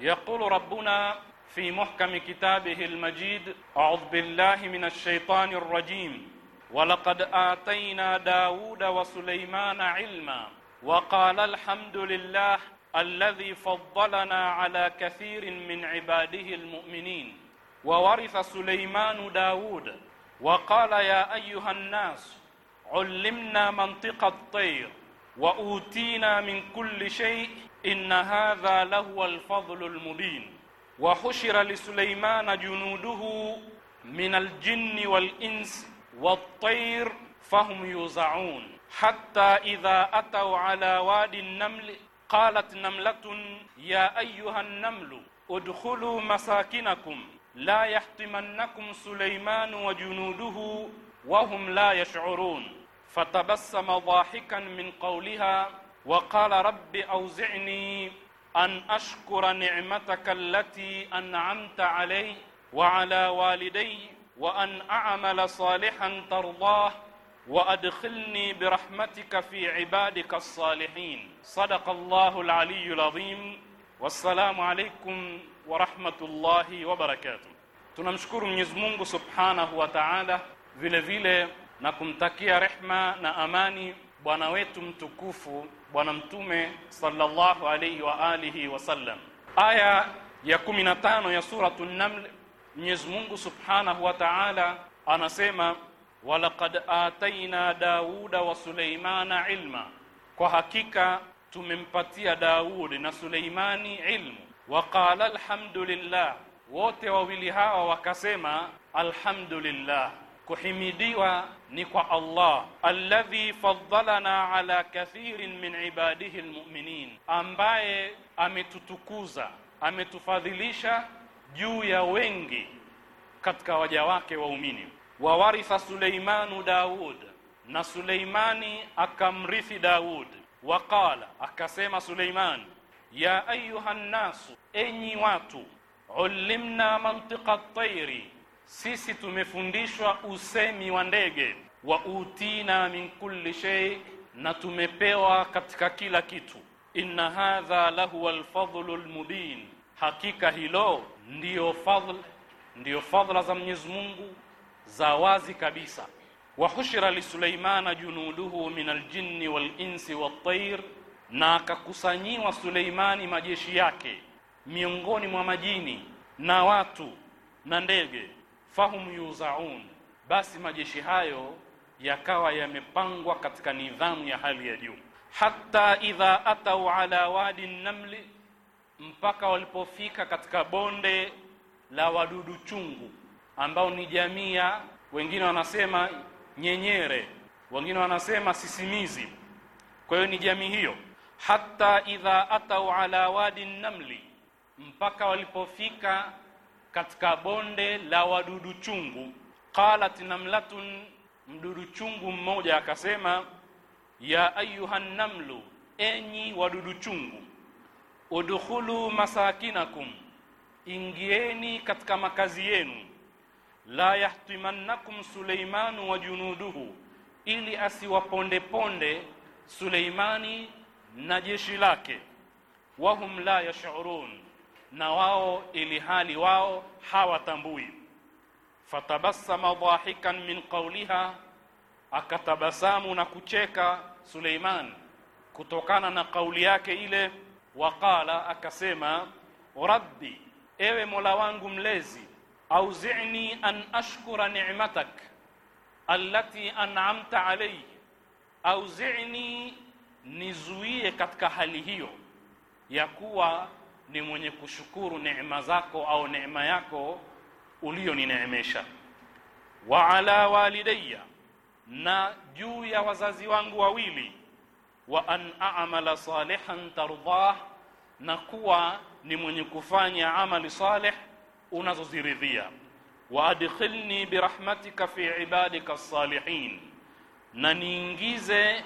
يقول ربنا في محكم كتابه المجيد أعوذ بالله من الشيطان الرجيم ولقد آتينا داود وسليمان علما وقال الحمد لله الذي فضلنا على كثير من عباده المؤمنين وورث سليمان داود وقال يا أيها الناس علمنا منطق الطير وأوتينا من كل شيء إن هذا لهو الفضل المبين وحشر لسليمان جنوده من الجن والإنس والطير فهم يوزعون حتى إذا أتوا على وادي النمل قالت نملة يا أيها النمل ادخلوا مساكنكم لا يحتمنكم سليمان وجنوده وهم لا يشعرون فتبسم ضاحكا من قولها وقال رب أوزعني أن أشكر نعمتك التي أنعمت علي وعلى والدي وأن أعمل صالحا ترضاه وأدخلني برحمتك في عبادك الصالحين صدق الله العلي العظيم والسلام عليكم ورحمة الله وبركاته تنمشكر Mwenyezi Mungu Subhanahu wa Ta'ala vile vile na kumtakia rehma na amani bwana wetu mtukufu Bwana Mtume sallallahu alayhi wa alihi wasallam. Aya ya 15 ya an Naml, Mwenyezi Mungu subhanahu wa ta'ala anasema walaqad ataina Dauda wa Suleimana ilma, kwa hakika tumempatia Daudi na Suleimani ilmu. Waqala alhamdulillah, wote wawili hawa wakasema alhamdulillah kuhimidiwa ni kwa Allah alladhi faddalana ala kathirin min ibadihi almu'minin, ambaye ametutukuza ametufadhilisha juu ya wengi katika waja wake waumini. Wawaritha Suleimanu Daud, na Suleimani akamrithi Daud. Waqala, akasema Suleiman, ya ayuha nnasu, enyi watu, ulimna mantiqa tairi sisi tumefundishwa usemi wa ndege wa utina min kulli shay, na tumepewa katika kila kitu. Inna hadha lahu alfadlu almubin, hakika hilo ndiyo fadhl, ndiyo fadhla za Mwenyezi Mungu za wazi kabisa. Wa hushira li Sulaimana junuduhu min aljinni walinsi waltair na akakusanyiwa Suleimani majeshi yake miongoni mwa majini na watu na ndege fahum yuzaun, basi majeshi hayo yakawa yamepangwa katika nidhamu ya hali ya juu. Hatta idha atau ala wadi namli, mpaka walipofika katika bonde la wadudu chungu ambao ni jamii ya wengine wanasema nyenyere, wengine wanasema sisimizi. Kwa hiyo ni jamii hiyo. Hatta idha atau ala wadi namli, mpaka walipofika katika bonde la wadudu chungu qalat namlatun mdudu chungu mmoja akasema ya ayuhan namlu enyi wadudu chungu udkhulu masakinakum ingieni katika makazi yenu la yahtimannakum suleimanu wa junuduhu ili asiwaponde ponde suleimani na jeshi lake wahum la yashurun na wao ili hali wao hawatambui fatabassama dhahikan min qawliha akatabasamu na kucheka Suleiman kutokana na kauli yake ile waqala akasema rabbi ewe mola wangu mlezi auzi'ni an ashkura ni'matak allati an'amta alayhi auzi'ni nizuie katika hali hiyo ya kuwa ni mwenye kushukuru neema zako au neema yako ulioninemesha. Wa ala walidayya, na juu ya wazazi wangu wawili. Wa an a'mala salihan tardah, na kuwa ni mwenye kufanya amali saleh unazoziridhia. Wa adkhilni birahmatika fi ibadika salihin, na niingize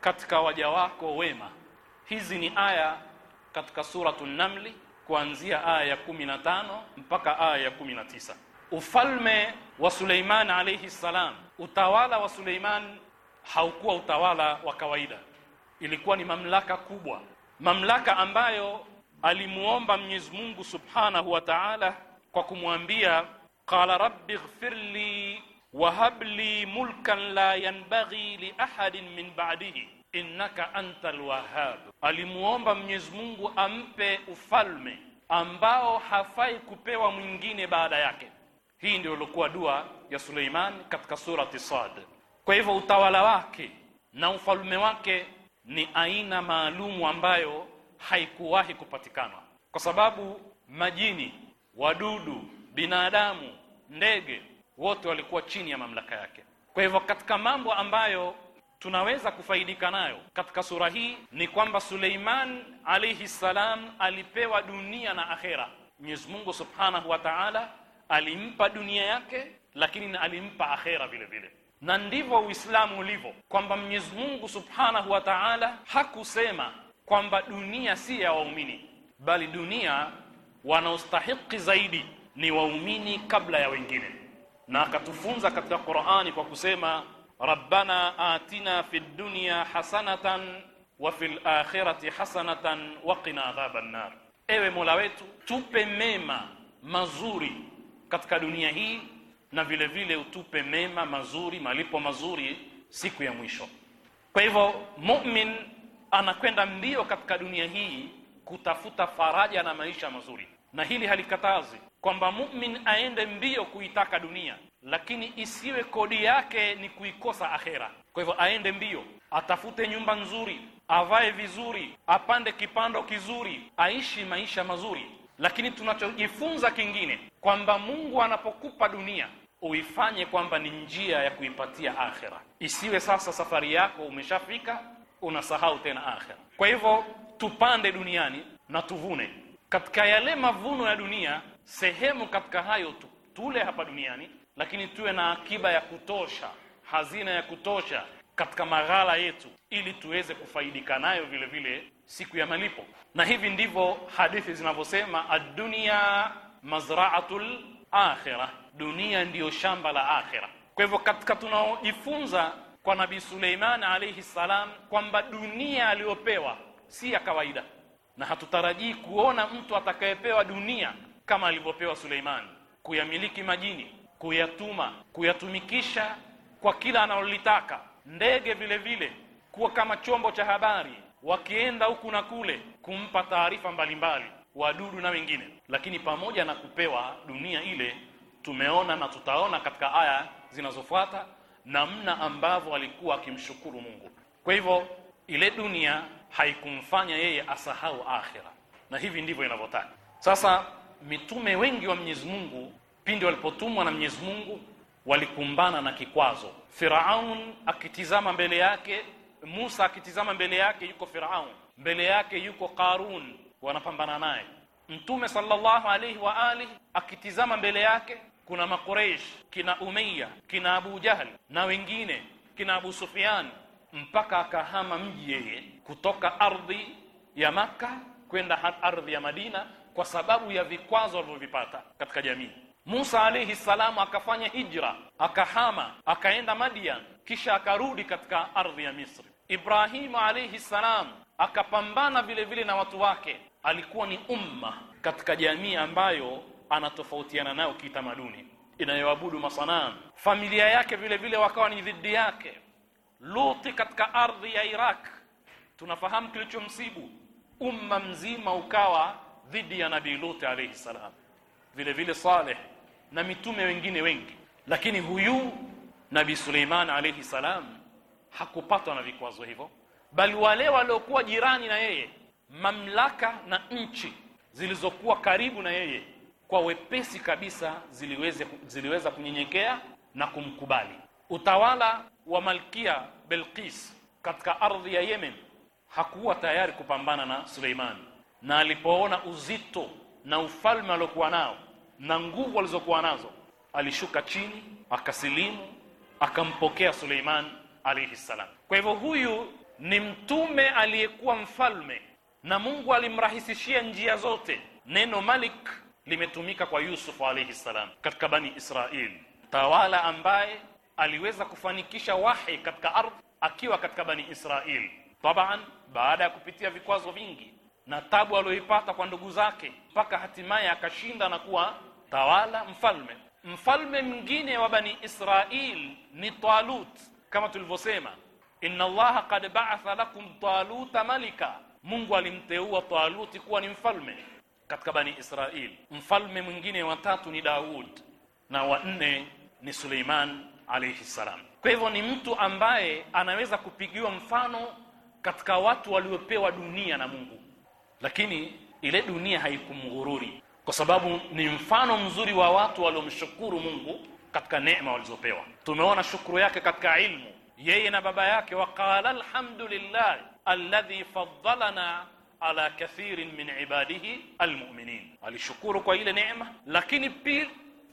katika waja wako wema. Hizi ni aya katika suratu Namli kuanzia aya ya 15 mpaka aya ya 19. Ufalme wa Suleiman alayhi salam, utawala wa Suleiman haukuwa utawala wa kawaida, ilikuwa ni mamlaka kubwa, mamlaka ambayo alimuomba Mwenyezi Mungu Subhanahu wa Ta'ala kwa kumwambia qala rabbi ighfirli wahabli habli mulkan la yanbaghi li min ba'dihi innaka anta wahhab. Alimuomba Mwenyezi Mungu ampe ufalme ambao hafai kupewa mwingine baada yake. Hii ndio ilikuwa dua ya Suleiman katika surati Sad. Kwa hivyo utawala wake na ufalme wake ni aina maalumu ambayo haikuwahi kupatikana, kwa sababu majini, wadudu, binadamu, ndege wote walikuwa chini ya mamlaka yake. Kwa hivyo katika mambo ambayo tunaweza kufaidika nayo katika sura hii ni kwamba Suleiman alayhi salam alipewa dunia na akhera. Mwenyezi Mungu Subhanahu wa Ta'ala alimpa dunia yake, lakini na alimpa akhera vile vile, na ndivyo Uislamu ulivyo kwamba Mwenyezi Mungu Subhanahu wa Ta'ala hakusema kwamba dunia si ya waumini, bali dunia wanaostahiki zaidi ni waumini kabla ya wengine, na akatufunza katika Qur'ani kwa kusema rabbana atina fi dunya hasanatan wa fil akhirati hasanatan wa qina adhaban nar, ewe Mola wetu tupe mema mazuri katika dunia hii na vile vile utupe mema mazuri, malipo mazuri siku ya mwisho. Kwa hivyo mumin anakwenda mbio katika dunia hii kutafuta faraja na maisha mazuri, na hili halikatazi kwamba mumin aende mbio kuitaka dunia, lakini isiwe kodi yake ni kuikosa akhera. Kwa hivyo aende mbio, atafute nyumba nzuri, avae vizuri, apande kipando kizuri, aishi maisha mazuri. Lakini tunachojifunza kingine kwamba Mungu anapokupa dunia uifanye kwamba ni njia ya kuipatia akhera, isiwe sasa safari yako umeshafika unasahau tena akhera. Kwa hivyo tupande duniani na tuvune katika yale mavuno ya dunia, sehemu katika hayo tule hapa duniani lakini tuwe na akiba ya kutosha, hazina ya kutosha katika maghala yetu, ili tuweze kufaidika nayo vile vile siku ya malipo. Na hivi ndivyo hadithi zinavyosema, ad-dunya mazra'atul akhirah, dunia ndiyo shamba la akhira. Kwa hivyo katika tunaojifunza kwa nabi Suleiman alayhi salam kwamba dunia aliyopewa si ya kawaida, na hatutarajii kuona mtu atakayepewa dunia kama alivyopewa Suleiman, kuyamiliki majini kuyatuma, kuyatumikisha kwa kila analolitaka. Ndege vile vile kuwa kama chombo cha habari, wakienda huku na kule kumpa taarifa mbalimbali wadudu na wengine. Lakini pamoja na kupewa dunia ile, tumeona na tutaona katika aya zinazofuata namna ambavyo alikuwa akimshukuru Mungu. Kwa hivyo ile dunia haikumfanya yeye asahau akhira, na hivi ndivyo inavyotaka sasa. Mitume wengi wa Mwenyezi Mungu pindi walipotumwa na Mwenyezi Mungu walikumbana na kikwazo. Firaun akitizama mbele yake, Musa akitizama mbele yake, yuko Firaun mbele yake, yuko Qarun, wanapambana naye. Mtume sallallahu alayhi wa alihi akitizama mbele yake, kuna Makureish, kina Umayya, kina Abu Jahl na wengine, kina Abu Sufyan, mpaka akahama mji yeye kutoka ardhi ya Makka kwenda ardhi ya Madina kwa sababu ya vikwazo walivyovipata katika jamii. Musa alayhi salamu akafanya hijra, akahama, akaenda Madian, kisha akarudi katika ardhi ya Misri. Ibrahimu alayhi salam akapambana vile vile na watu wake. Alikuwa ni umma katika jamii ambayo anatofautiana nayo kitamaduni, inayoabudu masanamu. Familia yake vile vile wakawa ni dhidi yake. Luti katika ardhi ya Iraq, tunafahamu kilichomsibu. Umma mzima ukawa dhidi ya Nabii Luti alayhi salam, vile vile Saleh na mitume wengine wengi lakini huyu nabii Suleiman alayhi salam hakupatwa na vikwazo hivyo bali wale waliokuwa jirani na yeye mamlaka na nchi zilizokuwa karibu na yeye kwa wepesi kabisa ziliweze, ziliweza kunyenyekea na kumkubali utawala wa malkia belkis katika ardhi ya Yemen hakuwa tayari kupambana na Suleiman na alipoona uzito na ufalme aliokuwa nao na nguvu alizokuwa nazo, alishuka chini akasilimu, akampokea Suleiman alayhi salam. Kwa hivyo huyu ni mtume aliyekuwa mfalme na Mungu alimrahisishia njia zote. Neno malik limetumika kwa Yusuf alayhi salam katika Bani Israili, tawala ambaye aliweza kufanikisha wahi katika ardhi akiwa katika Bani Israili, taban baada ya kupitia vikwazo vingi na tabu aliyoipata kwa ndugu zake mpaka hatimaye akashinda na kuwa tawala mfalme. Mfalme mwingine wa Bani Israil ni Talut, kama tulivyosema, inna Allaha qad ba'atha lakum taluta malika, Mungu alimteua Taluti kuwa ni mfalme katika Bani Israil. Mfalme mwingine wa tatu ni Daud na wa nne ni Suleiman alayhi salam. Kwa hivyo ni mtu ambaye anaweza kupigiwa mfano katika watu waliopewa dunia na Mungu lakini ile dunia haikumghururi kwa sababu ni mfano mzuri wa watu waliomshukuru Mungu katika neema walizopewa. Tumeona shukuru yake katika ilmu, yeye na baba yake. Waqala alhamdulillah alladhi faddalana ala kathirin min ibadihi almuminin, alishukuru kwa ile neema, lakini pia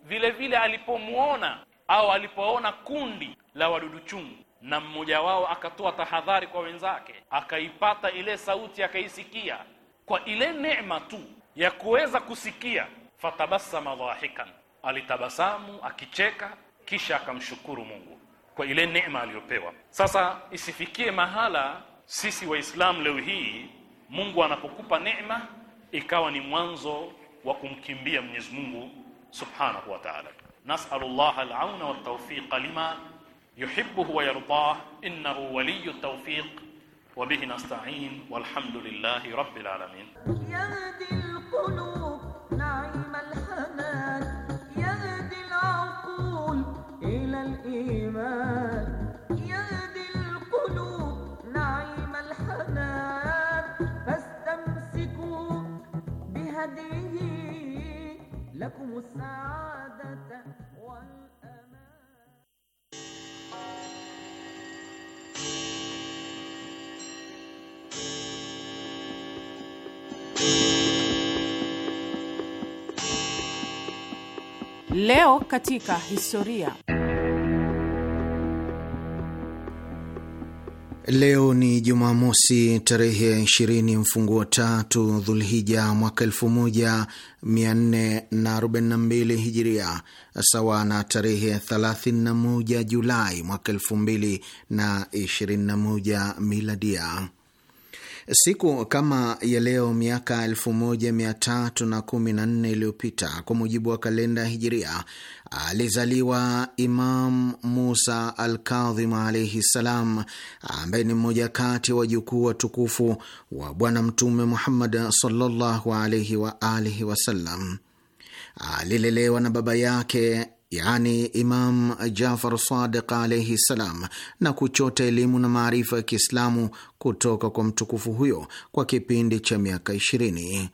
vile vile alipomwona au alipoona kundi la wadudu chungu na mmoja wao akatoa tahadhari kwa wenzake, akaipata ile sauti, akaisikia kwa ile neema tu ya kuweza kusikia. Fatabasama dhahikan, alitabasamu akicheka, kisha akamshukuru Mungu kwa ile neema aliyopewa. Sasa isifikie mahala sisi Waislamu leo hii Mungu anapokupa neema ikawa ni mwanzo wa kumkimbia Mwenyezi Mungu Subhanahu wa Ta'ala. Nas'alullah llah auna wat-tawfiq lima yuhibbuhu wa yardah innahu waliyyu tawfiq وبه نستعين والحمد لله رب العالمين
يهدي القلوب نعيم الحنان يهدي العقول إلى الإيمان يهدي القلوب نعيم الحنان فاستمسكوا بهديه لكم السعادة
Leo katika historia.
Leo ni Jumamosi tarehe ya ishirini mfunguo tatu Dhulhija mwaka elfu moja mia nne na arobaini na mbili hijiria sawa na tarehe 31 Julai mwaka elfu mbili na ishirini na moja miladia. Siku kama ya leo miaka 1314 iliyopita kwa mujibu wa kalenda Hijiria, alizaliwa Imam Musa al Kadhim alaihi ssalam, ambaye ni mmoja kati wa jukuu tukufu wa Bwana Mtume Muhammad sallallahu alaihi waalihi wasallam. Alilelewa na baba yake yani Imam Jafar Sadiq alaihi ssalam, na kuchota elimu na maarifa ya Kiislamu kutoka kwa mtukufu huyo kwa kipindi cha miaka 20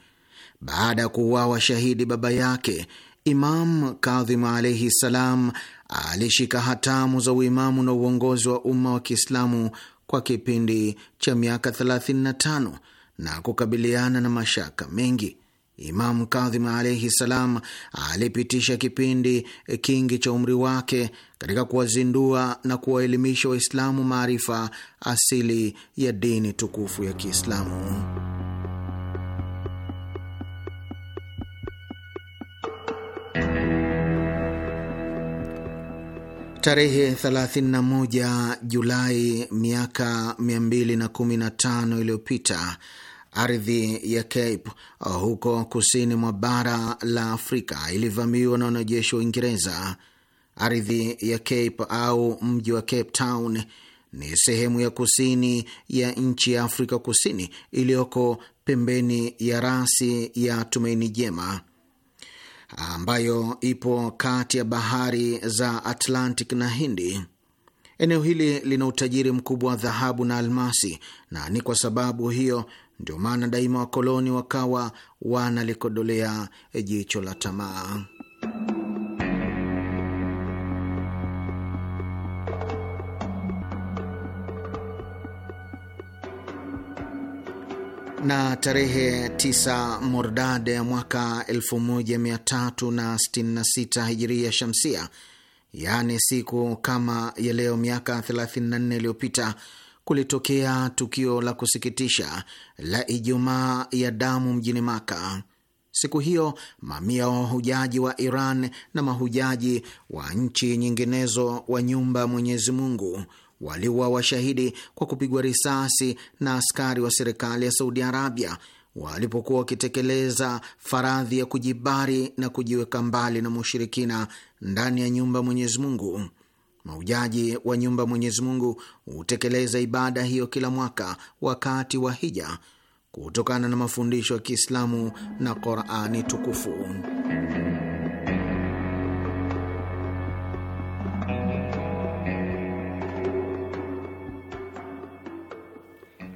baada ya kuuawa shahidi baba yake. Imam Kadhim alaihi ssalam alishika hatamu za uimamu na uongozi wa umma wa Kiislamu kwa kipindi cha miaka 35 na kukabiliana na mashaka mengi. Imamu Kadhim alaihi ssalam alipitisha kipindi kingi cha umri wake katika kuwazindua na kuwaelimisha Waislamu maarifa asili ya dini tukufu ya Kiislamu. Tarehe 31 Julai miaka 215 iliyopita Ardhi ya Cape uh, huko kusini mwa bara la Afrika ilivamiwa na wanajeshi wa Uingereza. Ardhi ya Cape au mji wa Cape Town ni sehemu ya kusini ya nchi ya Afrika Kusini iliyoko pembeni ya rasi ya Tumaini Jema ambayo ipo kati ya bahari za Atlantic na Hindi. Eneo hili lina utajiri mkubwa wa dhahabu na almasi, na ni kwa sababu hiyo ndio maana daima wakoloni wakawa wanalikodolea jicho la tamaa. na tarehe 9 Mordade ya mwaka 1366 hijiria shamsia, yaani siku kama ya leo miaka 34 iliyopita kulitokea tukio la kusikitisha la Ijumaa ya damu mjini Maka. Siku hiyo mamia wa wahujaji wa Iran na mahujaji wa nchi nyinginezo wa nyumba ya Mwenyezi Mungu washahidi kwa kupigwa risasi na askari wa serikali ya Saudi Arabia walipokuwa wakitekeleza faradhi ya kujibari na kujiweka mbali na mushirikina ndani ya nyumba ya Mwenyezi Mungu. Maujaji wa nyumba Mwenyezi Mungu hutekeleza ibada hiyo kila mwaka wakati wa hija kutokana na mafundisho ya Kiislamu na Qurani tukufu.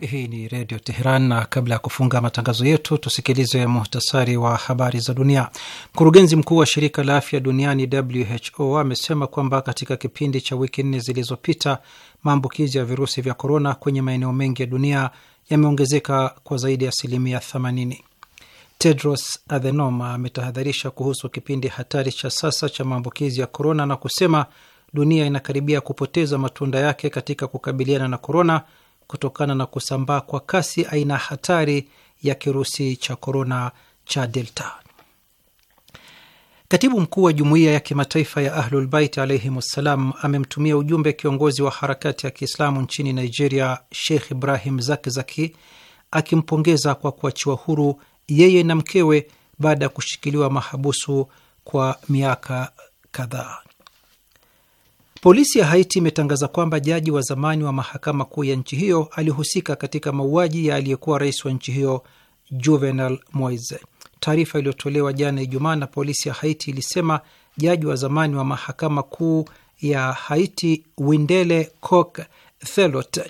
Hii ni Redio Teheran, na kabla ya kufunga matangazo yetu tusikilize muhtasari wa habari za dunia. Mkurugenzi mkuu wa shirika la afya duniani WHO amesema kwamba katika kipindi cha wiki nne zilizopita maambukizi ya virusi vya korona kwenye maeneo mengi ya dunia yameongezeka kwa zaidi ya asilimia 80. Tedros Adhanom ametahadharisha kuhusu kipindi hatari cha sasa cha maambukizi ya korona na kusema dunia inakaribia kupoteza matunda yake katika kukabiliana na korona kutokana na kusambaa kwa kasi aina hatari ya kirusi cha korona cha Delta. Katibu mkuu wa jumuiya ya kimataifa ya Ahlulbait alaihim ssalam amemtumia ujumbe kiongozi wa harakati ya Kiislamu nchini Nigeria, Sheikh Ibrahim Zakzaki akimpongeza kwa kuachiwa huru yeye na mkewe baada ya kushikiliwa mahabusu kwa miaka kadhaa. Polisi ya Haiti imetangaza kwamba jaji wa zamani wa mahakama kuu ya nchi hiyo alihusika katika mauaji ya aliyekuwa rais wa nchi hiyo Juvenal Moise. Taarifa iliyotolewa jana Ijumaa na polisi ya Haiti ilisema jaji wa zamani wa mahakama kuu ya Haiti Windele Cok Thelot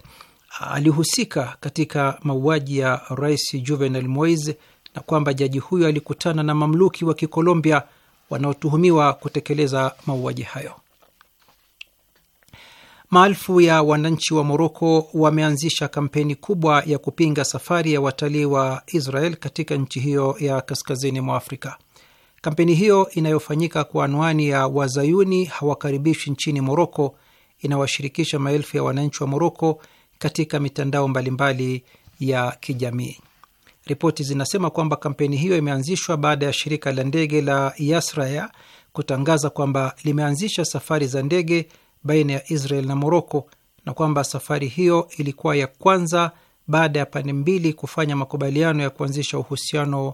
alihusika katika mauaji ya rais Juvenal Moise na kwamba jaji huyo alikutana na mamluki wa Kikolombia wanaotuhumiwa kutekeleza mauaji hayo. Maelfu ya wananchi wa Moroko wameanzisha kampeni kubwa ya kupinga safari ya watalii wa Israel katika nchi hiyo ya kaskazini mwa Afrika. Kampeni hiyo inayofanyika kwa anwani ya wazayuni hawakaribishwi nchini Moroko inawashirikisha maelfu ya wananchi wa Moroko katika mitandao mbalimbali ya kijamii. Ripoti zinasema kwamba kampeni hiyo imeanzishwa baada ya shirika la ndege la Yasraya kutangaza kwamba limeanzisha safari za ndege baina ya Israel na Moroko na kwamba safari hiyo ilikuwa ya kwanza baada ya pande mbili kufanya makubaliano ya kuanzisha uhusiano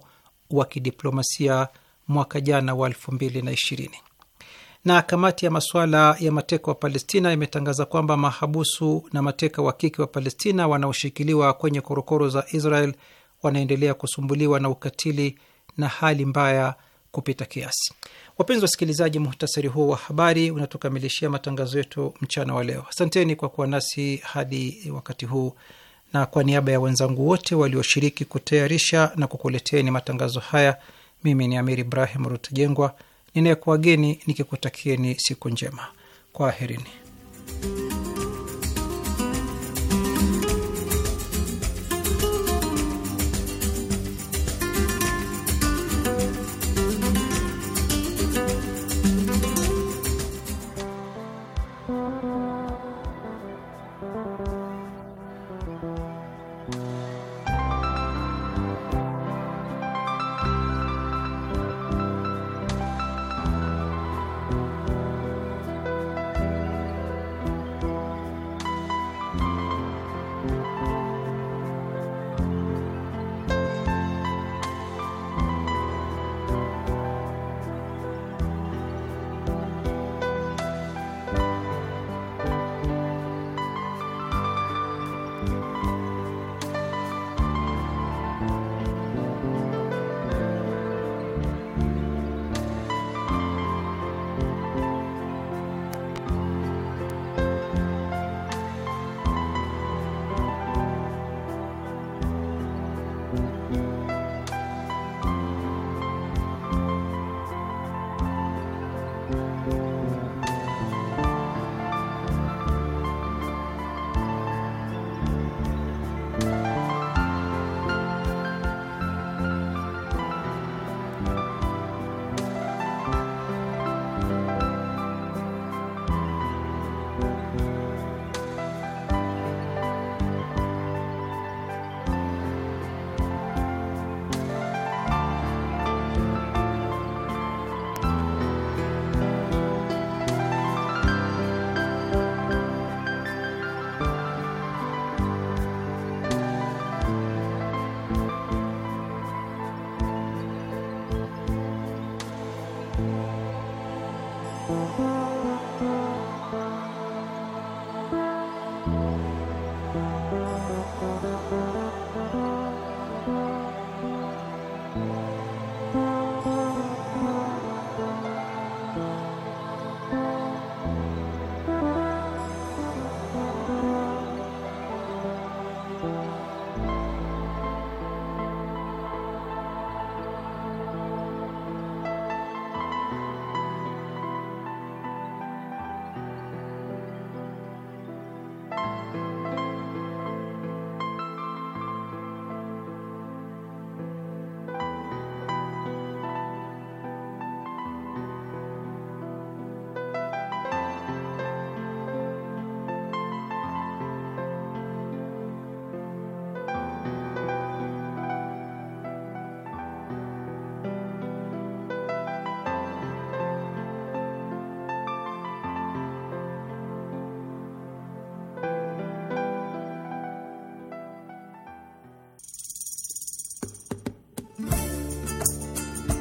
wa kidiplomasia mwaka jana wa 2020. Na kamati ya masuala ya mateka wa Palestina imetangaza kwamba mahabusu na mateka wa kike wa Palestina wanaoshikiliwa kwenye korokoro za Israel wanaendelea kusumbuliwa na ukatili na hali mbaya kupita kiasi. Wapenzi wasikilizaji, muhtasari huo wa habari unatukamilishia matangazo yetu mchana wa leo. Asanteni kwa kuwa nasi hadi wakati huu, na kwa niaba ya wenzangu wote walioshiriki kutayarisha na kukuleteni matangazo haya, mimi ni Amir Ibrahim Rutejengwa ninayekuwageni nikikutakieni siku njema. Kwaherini.